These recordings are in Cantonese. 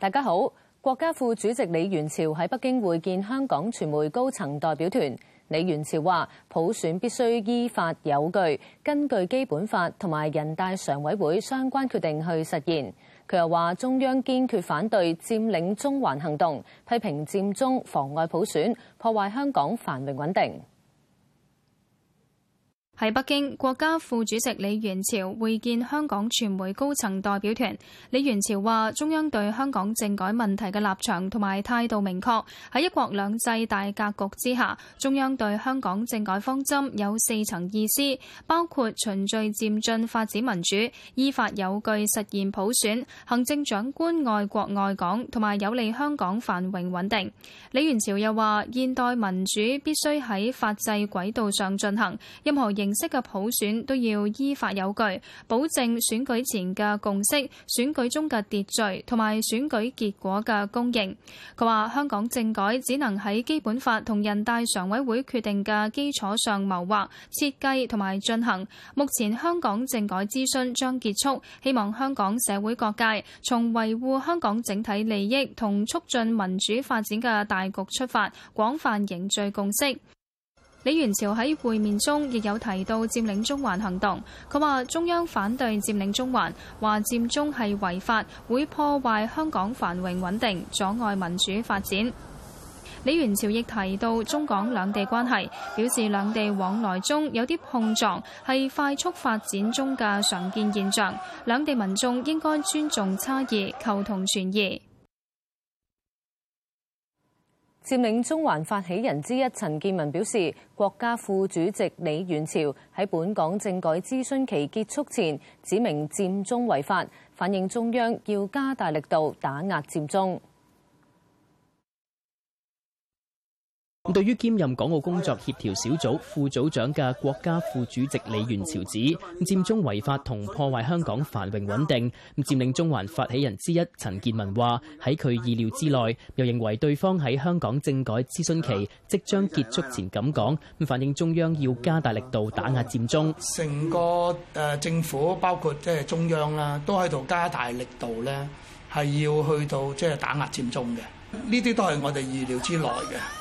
大家好，國家副主席李源潮喺北京會見香港傳媒高層代表團。李源潮話：普選必須依法有據，根據基本法同埋人大常委會相關決定去實現。佢又話：中央堅決反對佔領中環行動，批評佔中妨礙普選，破壞香港繁榮穩定。喺北京，國家副主席李源潮會見香港傳媒高層代表團，李源潮話中央對香港政改問題嘅立場同埋態度明確。喺一國兩制大格局之下，中央對香港政改方針有四層意思，包括循序漸進發展民主、依法有據實現普選、行政長官愛國愛港同埋有利香港繁榮穩定。李源潮又話現代民主必須喺法制軌道上進行，任何認。形式嘅普選都要依法有據，保證選舉前嘅共識、選舉中嘅秩序同埋選舉結果嘅公認。佢話：香港政改只能喺基本法同人大常委會決定嘅基礎上謀劃、設計同埋進行。目前香港政改諮詢將結束，希望香港社會各界從維護香港整體利益同促進民主發展嘅大局出發，廣泛凝聚共識。李源潮喺會面中亦有提到佔領中環行動，佢話中央反對佔領中環，話佔中係違法，會破壞香港繁榮穩定，阻礙民主發展。李源潮亦提到中港兩地關係，表示兩地往來中有啲碰撞，係快速發展中嘅常見現象，兩地民眾應該尊重差異，求同存異。佔領中環發起人之一陳健民表示，國家副主席李源潮喺本港政改諮詢期結束前，指明佔中違法，反映中央要加大力度打壓佔中。對於兼任港澳工作協調小組副組長嘅國家副主席李源潮指，佔中違法同破壞香港繁榮穩定，佔領中環發起人之一陳健民話喺佢意料之內，又認為對方喺香港政改諮詢期即將結束前咁講，咁反映中央要加大力度打壓佔中。成個誒政府包括即係中央啦，都喺度加大力度咧，係要去到即係打壓佔中嘅，呢啲都係我哋意料之內嘅。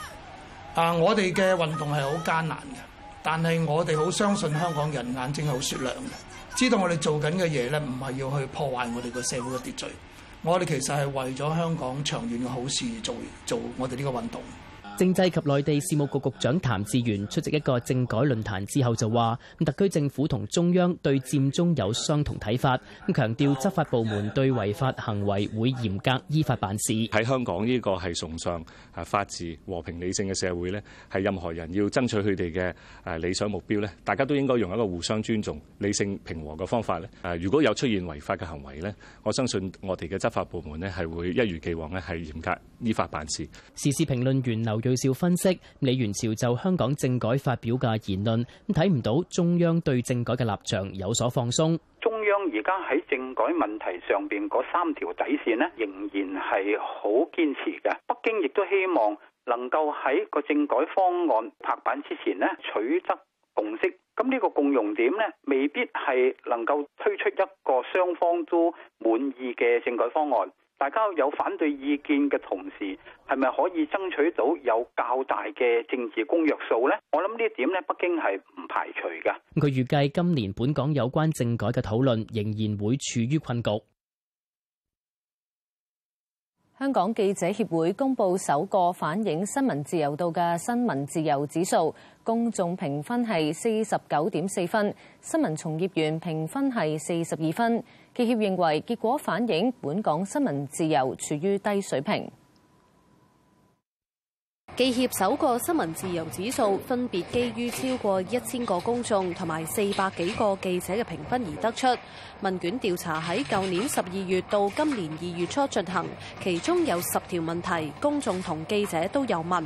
啊，我哋嘅運動係好艱難嘅，但係我哋好相信香港人眼睛係好雪亮嘅，知道我哋做緊嘅嘢咧，唔係要去破壞我哋個社會嘅秩序。我哋其實係為咗香港長遠嘅好事做做我哋呢個運動。政制及內地事務局局長譚志源出席一個政改論壇之後就話，特區政府同中央對佔中有相同睇法，強調執法部門對違法行為會嚴格依法辦事。喺香港呢個係崇尚啊法治、和平、理性嘅社會咧，係任何人要爭取佢哋嘅誒理想目標咧，大家都應該用一個互相尊重、理性平和嘅方法咧。誒，如果有出現違法嘅行為咧，我相信我哋嘅執法部門咧係會一如既往咧係嚴格依法辦事。時事評論員劉。最少分析李源潮就香港政改發表嘅言論，咁睇唔到中央對政改嘅立場有所放鬆。中央而家喺政改問題上邊嗰三條底線呢，仍然係好堅持嘅。北京亦都希望能夠喺個政改方案拍板之前呢取得共識。咁呢個共融點呢，未必係能夠推出一個雙方都滿意嘅政改方案。大家有反對意見嘅同時，係咪可以爭取到有較大嘅政治公約數呢？我諗呢一點呢，北京係唔排除噶。佢預計今年本港有關政改嘅討論仍然會處於困局。香港記者協會公布首個反映新聞自由度嘅新聞自由指數，公眾評分係四十九點四分，新聞從業員評分係四十二分。記協認為結果反映本港新聞自由處於低水平。記協首個新聞自由指數，分別基於超過一千個公眾同埋四百幾個記者嘅評分而得出。問卷調查喺舊年十二月到今年二月初進行，其中有十條問題，公眾同記者都有問。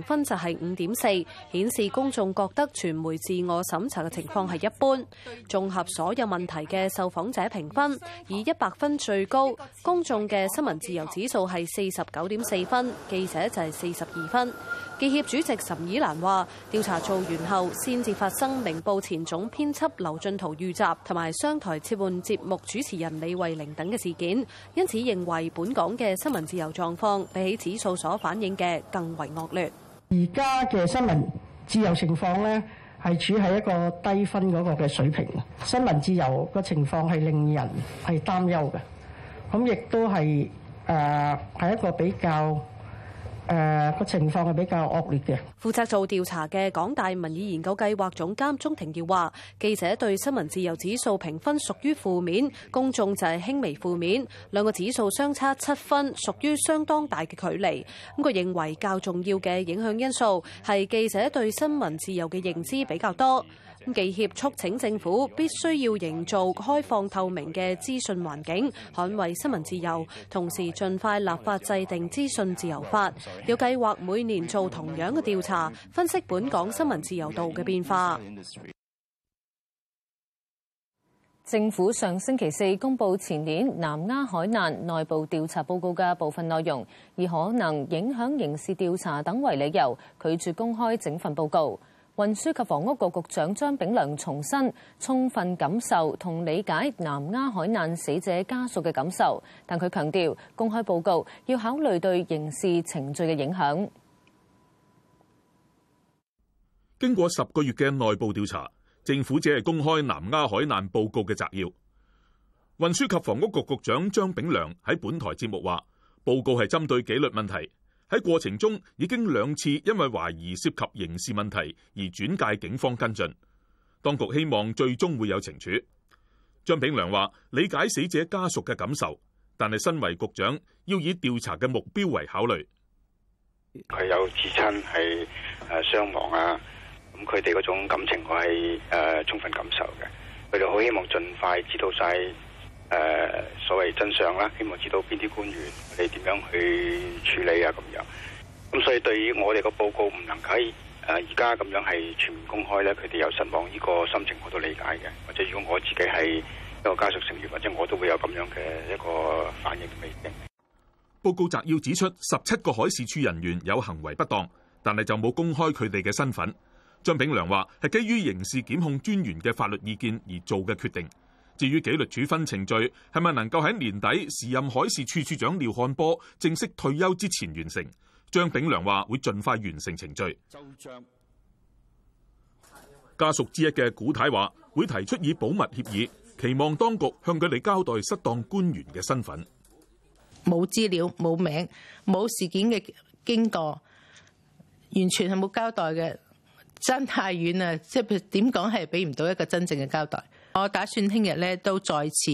評分就係五點四，顯示公眾覺得傳媒自我審查嘅情況係一般。綜合所有問題嘅受訪者評分，以一百分最高。公眾嘅新聞自由指數係四十九點四分，記者就係四十二分。記協主席岑以蘭話：調查做完後，先至發生明報前總編輯劉進圖遇襲，同埋商台撤換節目主持人李慧玲等嘅事件，因此認為本港嘅新聞自由狀況比起指數所反映嘅，更為惡劣。而家嘅新聞自由情況咧，係處喺一個低分嗰個嘅水平。新聞自由個情況係令人係擔憂嘅，咁亦都係誒，係、呃、一個比較。誒個、呃、情況係比較惡劣嘅。負責做調查嘅港大民意研究計劃總監鍾庭耀話：記者對新聞自由指數評分屬於負面，公眾就係輕微負面，兩個指數相差七分，屬於相當大嘅距離。咁佢認為較重要嘅影響因素係記者對新聞自由嘅認知比較多。企協促請政府必須要營造開放透明嘅資訊環境，捍衛新聞自由，同時盡快立法制定資訊自由法。要計劃每年做同樣嘅調查，分析本港新聞自由度嘅變化。政府上星期四公佈前年南亞海南內部調查報告嘅部分內容，以可能影響刑事調查等為理由，拒絕公開整份報告。運輸及房屋局局長張炳良重申，充分感受同理解南丫海難死者家屬嘅感受，但佢強調，公開報告要考慮對刑事程序嘅影響。經過十個月嘅內部調查，政府只係公開南丫海難報告嘅摘要。運輸及房屋局局長張炳良喺本台節目話，報告係針對紀律問題。喺過程中已經兩次因為懷疑涉及刑事問題而轉介警方跟進，當局希望最終會有懲處。張炳良話：理解死者家屬嘅感受，但係身為局長要以調查嘅目標為考慮。佢有至親係誒傷亡啊，咁佢哋嗰種感情我係誒充分感受嘅，佢哋好希望盡快知道晒。誒、呃，所謂真相啦，希望知道邊啲官員你點樣去處理啊，咁樣。咁所以對於我哋個報告唔能夠誒而家咁樣係全面公開咧，佢哋有失望呢個心情我都理解嘅。或者如果我自己係一個家屬成員，或者我都會有咁樣嘅一個反應嘅。報告摘要指出十七個海事處人員有行為不當，但係就冇公開佢哋嘅身份。張炳良話係基於刑事檢控專員嘅法律意見而做嘅決定。至於紀律處分程序係咪能夠喺年底，時任海事處處長廖漢波正式退休之前完成？張炳良話會盡快完成程序。像家屬之一嘅古太話會提出以保密協議，期望當局向佢哋交代失當官員嘅身份。冇資料、冇名、冇事件嘅經過，完全係冇交代嘅，差太遠啦，即係點講係俾唔到一個真正嘅交代。我打算聽日咧都再次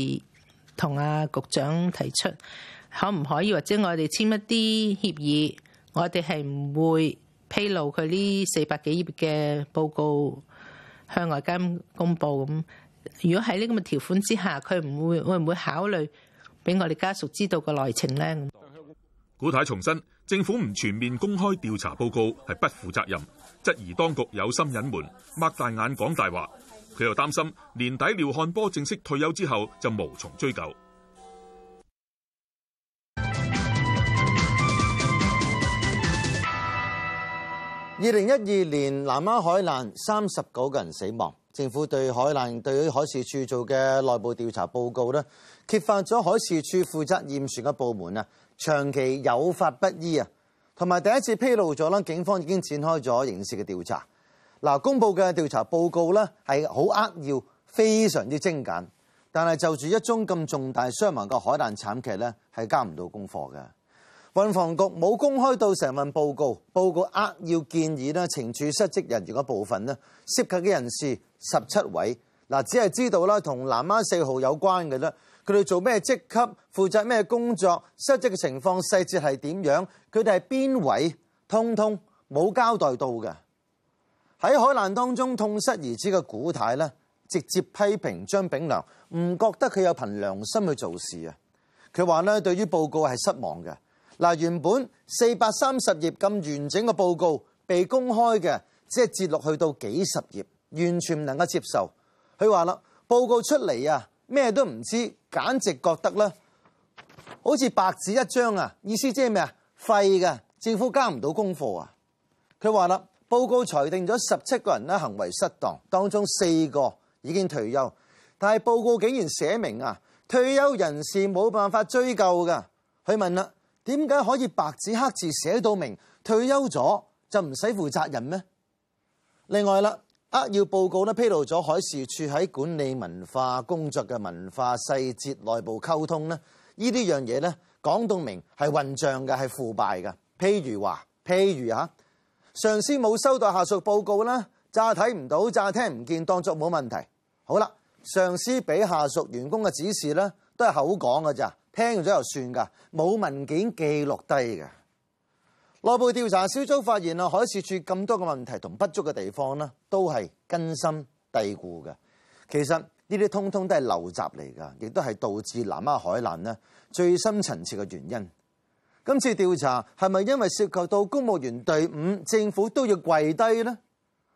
同阿局長提出，可唔可以或者我哋簽一啲協議，我哋係唔會披露佢呢四百幾頁嘅報告向外間公布咁。如果喺呢個嘅條款之下，佢唔會會唔會考慮俾我哋家屬知道個內情咧？咁古太重申，政府唔全面公開調查報告係不負責任，質疑當局有心隱瞞，擘大眼講大話。佢又擔心年底廖漢波正式退休之後就無從追究。二零一二年南丫海難三十九個人死亡，政府對海難，對於海事處做嘅內部調查報告咧，揭發咗海事處負責驗船嘅部門啊，長期有法不依啊，同埋第一次披露咗啦，警方已經展開咗刑事嘅調查。嗱，公佈嘅調查報告咧係好扼要，非常之精簡。但係就住一宗咁重大傷亡嘅海難慘劇咧，係交唔到功課嘅。運防局冇公開到成份報告，報告扼要建議啦，懲處失職人員嘅部分咧，涉及嘅人士十七位。嗱，只係知道啦，同南丫四號有關嘅啫。佢哋做咩職級，負責咩工作，失職嘅情況細節係點樣？佢哋係邊位，通通冇交代到嘅。喺海難當中痛失兒子嘅古太咧，直接批評張炳良，唔覺得佢有憑良心去做事啊！佢話咧，對於報告係失望嘅。嗱，原本四百三十頁咁完整嘅報告被公開嘅，只係節錄去到幾十頁，完全唔能夠接受。佢話啦，報告出嚟啊，咩都唔知，簡直覺得呢好似白紙一張啊！意思即係咩啊？廢嘅，政府交唔到功課啊！佢話啦。報告裁定咗十七個人行為失當，當中四個已經退休，但係報告竟然寫明啊，退休人士冇辦法追究噶。佢問啦，「點解可以白紙黑字寫到明退休咗就唔使負責人呢？」另外啦，扼要報告呢披露咗海事處喺管理文化工作嘅文化細節、內部溝通呢，呢啲樣嘢呢，講到明係混帳嘅，係腐敗嘅。譬如話，譬如嚇。上司冇收到下屬報告啦，詐睇唔到，詐聽唔見，當作冇問題。好啦，上司俾下屬員工嘅指示咧，都係口講嘅咋，聽咗就算噶，冇文件記錄低嘅。內部調查小組發現啊，海事處咁多嘅問題同不足嘅地方呢，都係根深蒂固嘅。其實呢啲通通都係陋習嚟噶，亦都係導致南丫海難呢最深層次嘅原因。今次調查係咪因為涉及到公務員隊伍，政府都要跪低呢？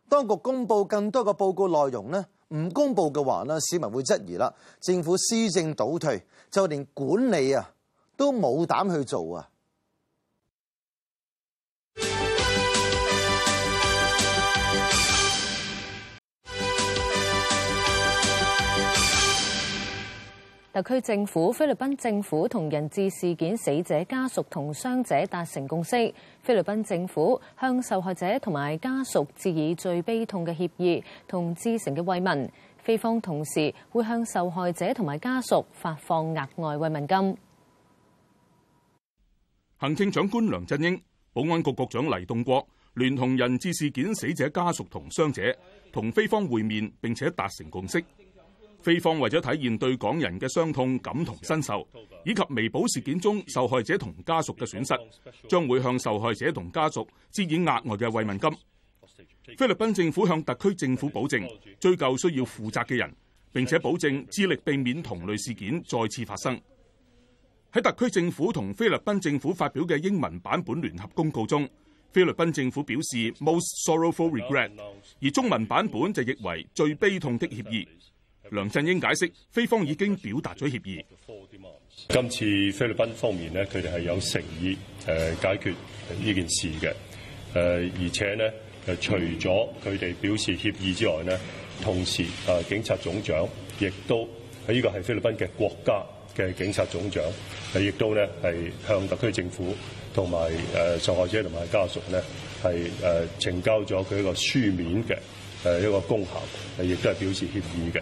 當局公佈更多嘅報告內容呢，唔公佈嘅話呢，市民會質疑啦。政府施政倒退，就連管理啊都冇膽去做啊！特區政府、菲律賓政府同人質事件死者家屬同傷者達成共識。菲律賓政府向受害者同埋家屬致以最悲痛嘅歉意同至誠嘅慰問。菲方同時會向受害者同埋家屬發放額外慰問金。行政長官梁振英、保安局局長黎棟國聯同人質事件死者家屬同傷者同菲方會面並且達成共識。菲方為咗體現對港人嘅傷痛感同身受，以及彌補事件中受害者同家屬嘅損失，將會向受害者同家屬支援額外嘅慰問金。菲律賓政府向特區政府保證，追究需要負責嘅人，並且保證致力避免同類事件再次發生。喺特區政府同菲律賓政府發表嘅英文版本聯合公告中，菲律賓政府表示 most sorrowful regret，而中文版本就譯為最悲痛的歉意。梁振英解釋，菲方已經表達咗歉意。今次菲律賓方面咧，佢哋係有誠意誒解決呢件事嘅。誒而且呢，誒除咗佢哋表示歉意之外呢，同時啊，警察總長亦都佢呢、這個係菲律賓嘅國家嘅警察總長，係亦都呢係向特區政府同埋誒受害者同埋家屬呢係誒、呃、呈交咗佢一個書面嘅誒一個公函，亦都係表示歉意嘅。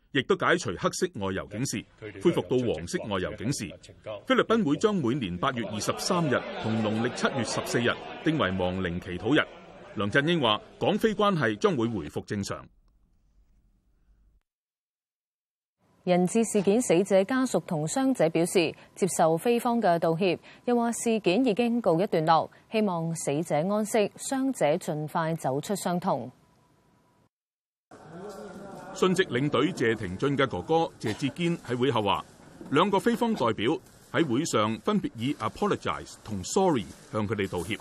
亦都解除黑色外遊警示，恢復到黃色外遊警示。菲律賓會將每年八月二十三日同農曆七月十四日定為亡靈祈禱日。梁振英話：港菲關係將會回復正常。人質事件死者家屬同傷者表示接受菲方嘅道歉，又話事件已經告一段落，希望死者安息，傷者盡快走出傷痛。殉職領隊謝廷駿嘅哥哥謝志堅喺會後話，兩個菲方代表喺會上分別以 apologize 同 sorry 向佢哋道歉。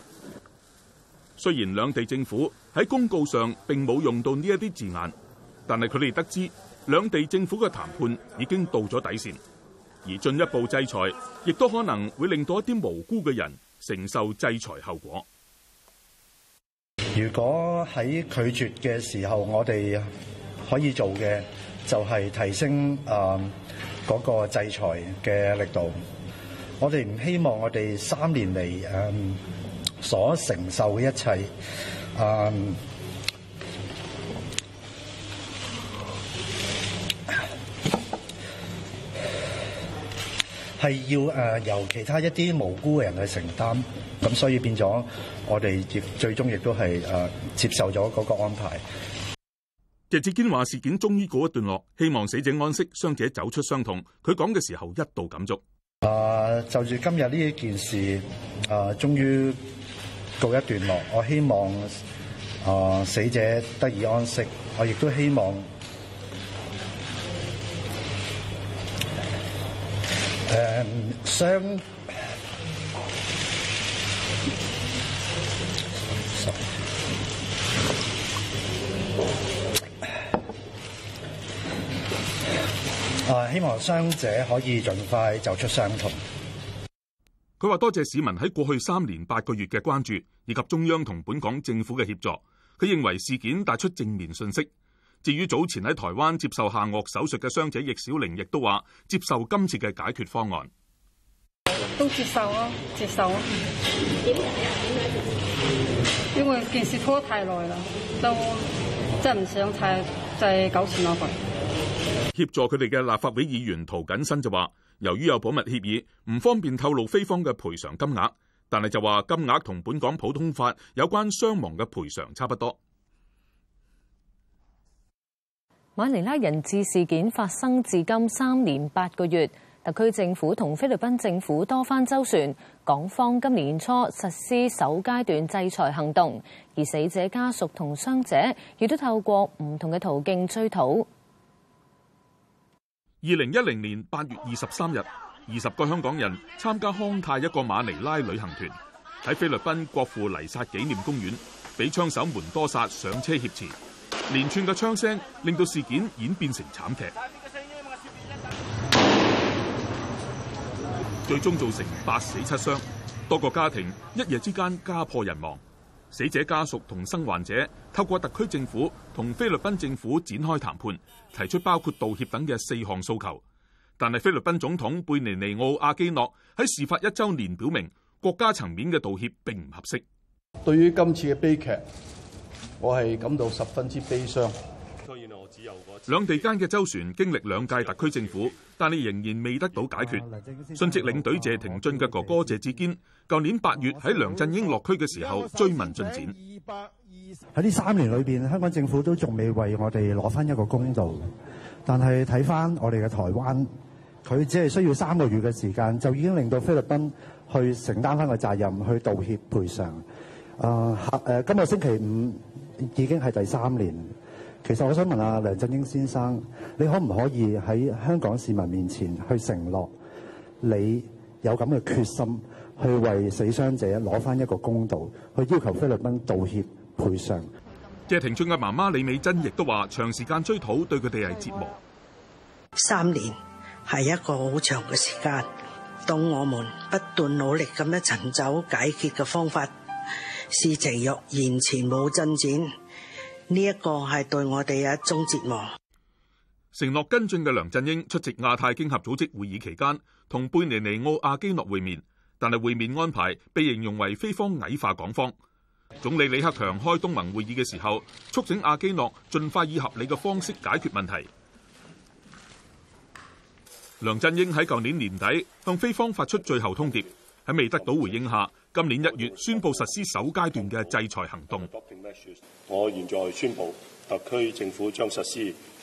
雖然兩地政府喺公告上並冇用到呢一啲字眼，但係佢哋得知兩地政府嘅談判已經到咗底線，而進一步制裁亦都可能會令到一啲無辜嘅人承受制裁後果。如果喺拒絕嘅時候，我哋，可以做嘅就係提升嗰個制裁嘅力度。我哋唔希望我哋三年嚟所承受嘅一切，誒係要由其他一啲無辜嘅人去承擔。咁所以變咗，我哋亦最終亦都係接受咗嗰個安排。謝志堅話：事件終於告一段落，希望死者安息，傷者走出傷痛。佢講嘅時候一度感觸。誒、呃，就住今日呢一件事，誒、呃，終於告一段落。我希望誒、呃、死者得以安息，我亦都希望誒、呃、傷。希望傷者可以盡快走出傷痛。佢話多謝市民喺過去三年八個月嘅關注，以及中央同本港政府嘅協助。佢認為事件帶出正面信息。至於早前喺台灣接受下顎手術嘅傷者易小玲，亦都話接受今次嘅解決方案。都接受啊，接受啊。因為件事拖得太耐啦，都真係唔想太，再糾纏嗰個。協助佢哋嘅立法會議員塗謹申就話，由於有保密協議，唔方便透露菲方嘅賠償金額，但係就話金額同本港普通法有關傷亡嘅賠償差不多。馬尼拉人質事件發生至今三年八個月，特區政府同菲律賓政府多番周旋，港方今年初實施首階段制裁行動，而死者家屬同傷者亦都透過唔同嘅途徑追討。二零一零年八月二十三日，二十個香港人參加康泰一個馬尼拉旅行團，喺菲律賓國父黎剎紀念公園，俾槍手門多薩上車挾持，連串嘅槍聲令到事件演變成慘劇，最終造成八死七傷，多個家庭一夜之間家破人亡。死者家屬同生還者透過特區政府同菲律賓政府展開談判，提出包括道歉等嘅四項訴求。但係菲律賓總統貝尼尼奧·阿基諾喺事發一周年表明，國家層面嘅道歉並唔合適。對於今次嘅悲劇，我係感到十分之悲傷。兩地間嘅周旋經歷兩屆特區政府，但係仍然未得到解決。殉職領隊謝廷駿嘅哥哥謝志堅，舊年八月喺梁振英落區嘅時候追問進展。喺呢三年裏邊，香港政府都仲未為我哋攞翻一個公道。但係睇翻我哋嘅台灣，佢只係需要三個月嘅時間，就已經令到菲律賓去承擔翻個責任，去道歉賠償。誒、呃，今日星期五已經係第三年。其實我想問啊，梁振英先生，你可唔可以喺香港市民面前去承諾，你有咁嘅決心去為死傷者攞返一個公道，去要求菲律賓道歉賠償？謝廷駿嘅媽媽李美珍亦都話：長時間追討對佢哋係折磨。三年係一個好長嘅時間，當我們不斷努力咁樣尋找解決嘅方法，事情仍然冇進展。呢一個係對我哋嘅一種折磨。承諾跟進嘅梁振英出席亞太經合組織會議期間，同貝尼尼奧阿基諾會面，但係會面安排被形容為菲方矮化港方。總理李克強開東盟會議嘅時候，促請阿基諾盡快以合理嘅方式解決問題。梁振英喺舊年年底向菲方發出最後通牒，喺未得到回應下，今年一月宣布實施首階段嘅制裁行動。我現在宣布，特區政府將實施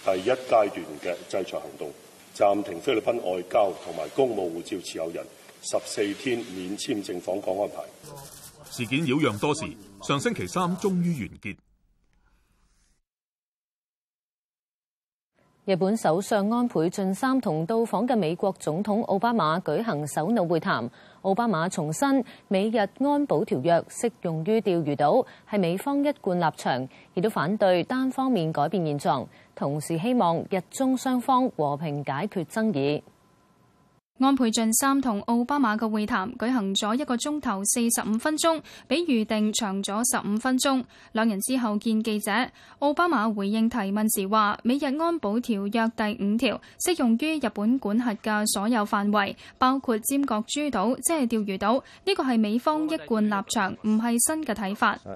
第一階段嘅制裁行動，暫停菲律賓外交同埋公務護照持有人十四天免簽證訪港安排。事件擾攘多時，上星期三終於完結。日本首相安倍晉三同到訪嘅美國總統奧巴馬舉行首腦會談。奧巴馬重申美日安保條約適用於釣魚島，係美方一貫立場，亦都反對單方面改變現狀，同時希望日中雙方和平解決爭議。安倍晉三同奧巴馬嘅會談舉行咗一個鐘頭四十五分鐘，比預定長咗十五分鐘。兩人之後見記者，奧巴馬回應提問時話，美日安保條約第五條適用於日本管轄嘅所有範圍，包括尖閣諸島，即係釣魚島。呢個係美方一貫立場，唔係新嘅睇法。Uh,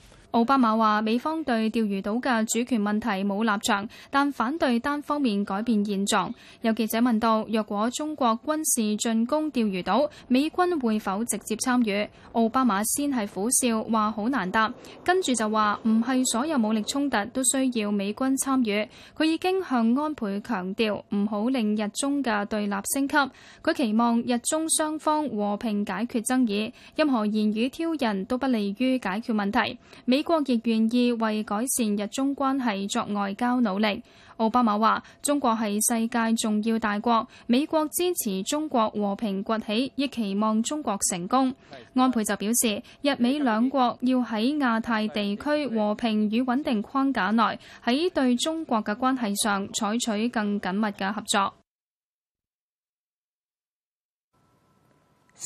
奧巴馬話美方對釣魚島嘅主權問題冇立場，但反對單方面改變現狀。有記者問到，若果中國軍事進攻釣魚島，美軍會否直接參與？奧巴馬先係苦笑，話好難答，跟住就話，唔係所有武力衝突都需要美軍參與。佢已經向安倍強調，唔好令日中嘅對立升級。佢期望日中雙方和平解決爭議，任何言語挑釁都不利於解決問題。美。美國亦願意為改善日中關係作外交努力。奧巴馬話：中國係世界重要大國，美國支持中國和平崛起，亦期望中國成功。安倍就表示，日美兩國要喺亞太地區和平與穩定框架內，喺對中國嘅關係上採取更緊密嘅合作。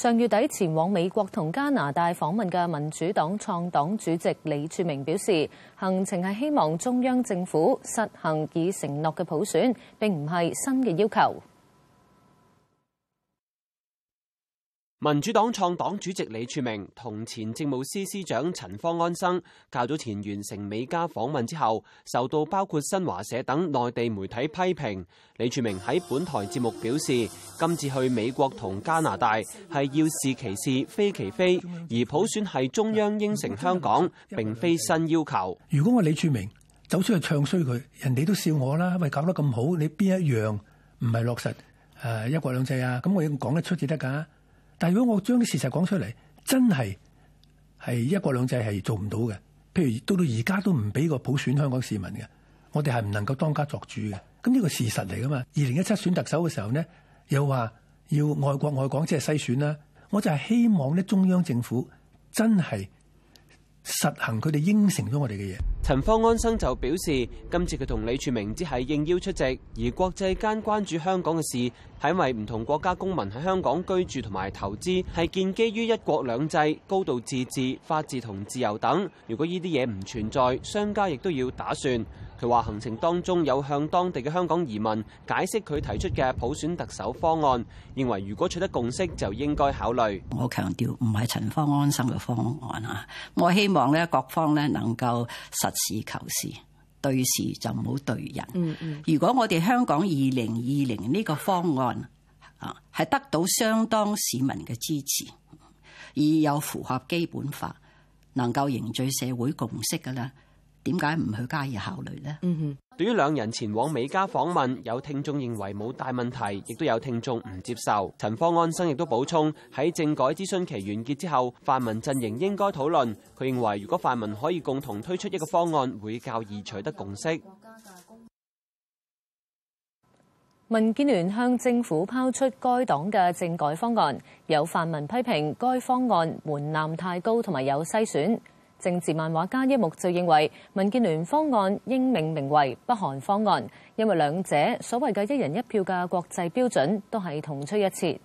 上月底前往美國同加拿大訪問嘅民主黨創黨主席李柱銘表示，行程係希望中央政府實行已承諾嘅普選，並唔係新嘅要求。民主黨創黨主席李柱銘同前政務司司長陳方安生，較早前完成美加訪問之後，受到包括新華社等內地媒體批評。李柱銘喺本台節目表示，今次去美國同加拿大係要是其是，非其非，而普選係中央應承香港，並非新要求。如果我李柱銘走出去唱衰佢，人哋都笑我啦。喂，搞得咁好，你邊一樣唔係落實誒？一國兩制啊？咁我要講得出至得噶。但如果我將啲事實講出嚟，真係，係一國兩制係做唔到嘅。譬如到到而家都唔俾個普選香港市民嘅，我哋係唔能夠當家作主嘅。咁呢個事實嚟噶嘛？二零一七選特首嘅時候咧，又話要愛國愛港即係篩選啦。我就係希望咧中央政府真係。實行佢哋應承咗我哋嘅嘢。陳方安生就表示，今次佢同李柱銘只係應邀出席，而國際間關注香港嘅事，係因為唔同國家公民喺香港居住同埋投資，係建基於一國兩制、高度自治、法治同自由等。如果呢啲嘢唔存在，商家亦都要打算。佢話行程當中有向當地嘅香港移民解釋佢提出嘅普選特首方案，認為如果取得共識，就應該考慮。我強調唔係陳方安生嘅方案啊！我希望咧各方咧能夠實事求是，對事就唔好對人。嗯嗯。如果我哋香港二零二零呢個方案啊係得到相當市民嘅支持，而有符合基本法，能夠凝聚社會共識㗎喇。點解唔去加以考慮呢？對於兩人前往美加訪問，有聽眾認為冇大問題，亦都有聽眾唔接受。陳方安生亦都補充喺政改諮詢期完結之後，泛民陣營應該討論。佢認為如果泛民可以共同推出一個方案，會較易取得共識。民建聯向政府拋出該黨嘅政改方案，有泛民批評該方案門檻太高，同埋有篩選。政治漫畫家一木就認為民建聯方案應命名為北韓方案，因為兩者所謂嘅一人一票嘅國際標準都係同出一轍。